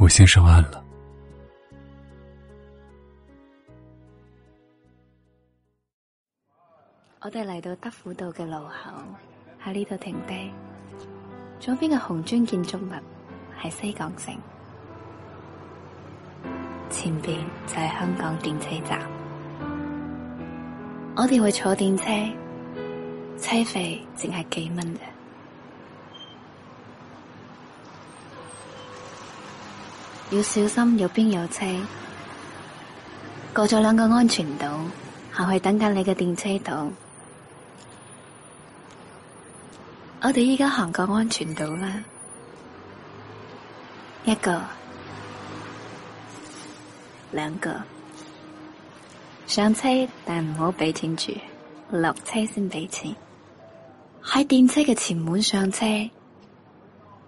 我先上岸了。我哋嚟到德輔道嘅路口，喺呢度停低。左邊嘅紅磚建築物係西港城，前邊就係香港電車站。我哋會坐電車，車費淨係幾蚊嘅。要小心，右邊有車。過咗兩個安全島，行去等緊你嘅電車島。我哋依家行過安全島啦，一個、兩個上車，但唔好俾錢住，落車先俾錢，喺電車嘅前門上車，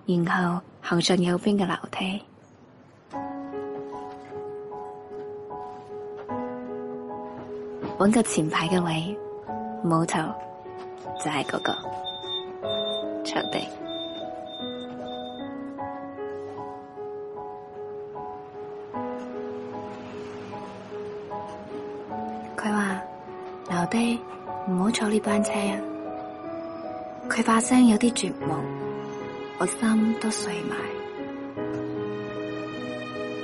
然後行上右邊嘅樓梯。揾個前排嘅位，冇頭就係嗰、那個場地。佢話：留低唔好坐呢班車啊！佢發聲有啲絕望，我心都碎埋。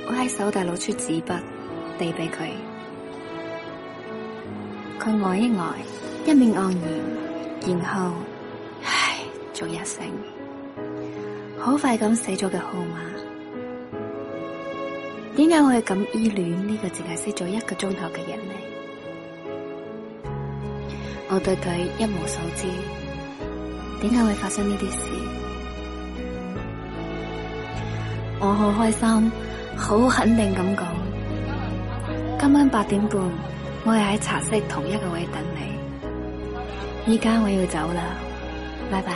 我喺手底攞出紙筆，遞俾佢。佢呆一呆，一面愕然，然後唉，做一聲，好快咁寫咗嘅號碼。點解我會咁依戀呢個淨係識咗一個鐘頭嘅人呢？我對佢一無所知，點解會發生呢啲事？我好開心，好肯定咁講，今晚八點半。我係喺茶室同一個位等你，依家我要走啦，拜拜。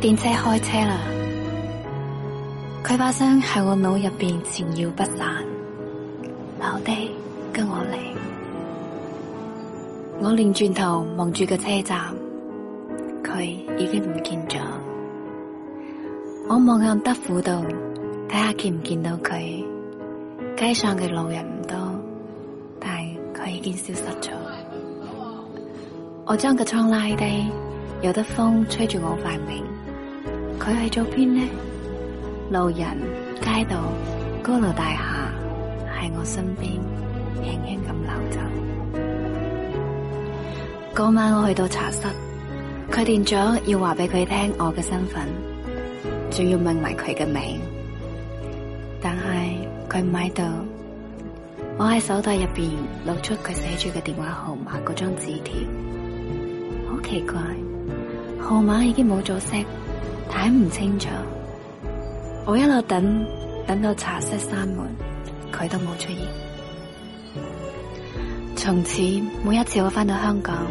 電車開車啦，佢把聲喺我腦入邊纏繞不散。老弟，跟我嚟。我擰轉頭望住個車站，佢已經唔見咗。我望向德輔道，睇下見唔見到佢。街上嘅路人唔多，但係佢已經消失咗。我將個窗拉低，有得風吹住我塊面。佢去咗邊呢？路人街道、高樓大廈喺我身邊，輕輕咁流走。嗰晚我去到茶室，佢決定咗要話俾佢聽我嘅身份，仲要問埋佢嘅名，但係。佢唔喺度，我喺手袋入邊攞出佢寫住嘅電話號碼嗰張字條，好奇怪，號碼已經冇咗色，睇唔清楚。我一路等，等到茶室閂門，佢都冇出現。從此每一次我翻到香港，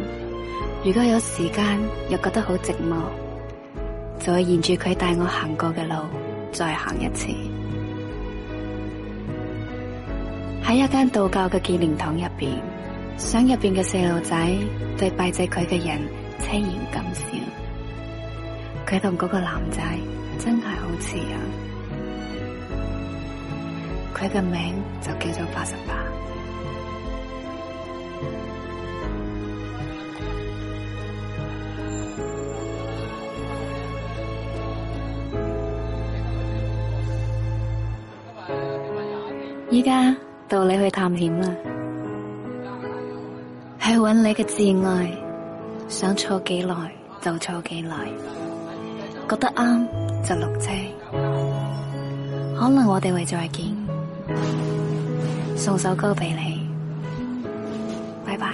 如果有時間又覺得好寂寞，就會沿住佢帶我行過嘅路再行一次。喺一間道教嘅紀念堂入邊，想入邊嘅細路仔對拜祭佢嘅人輕言感笑，佢同嗰個男仔真係好似啊！佢嘅名就叫做八十八。而家。到你去探險啦，去揾你嘅摯愛，想錯幾耐就錯幾耐，覺得啱就落車，可能我哋會再見，送首歌俾你，拜拜。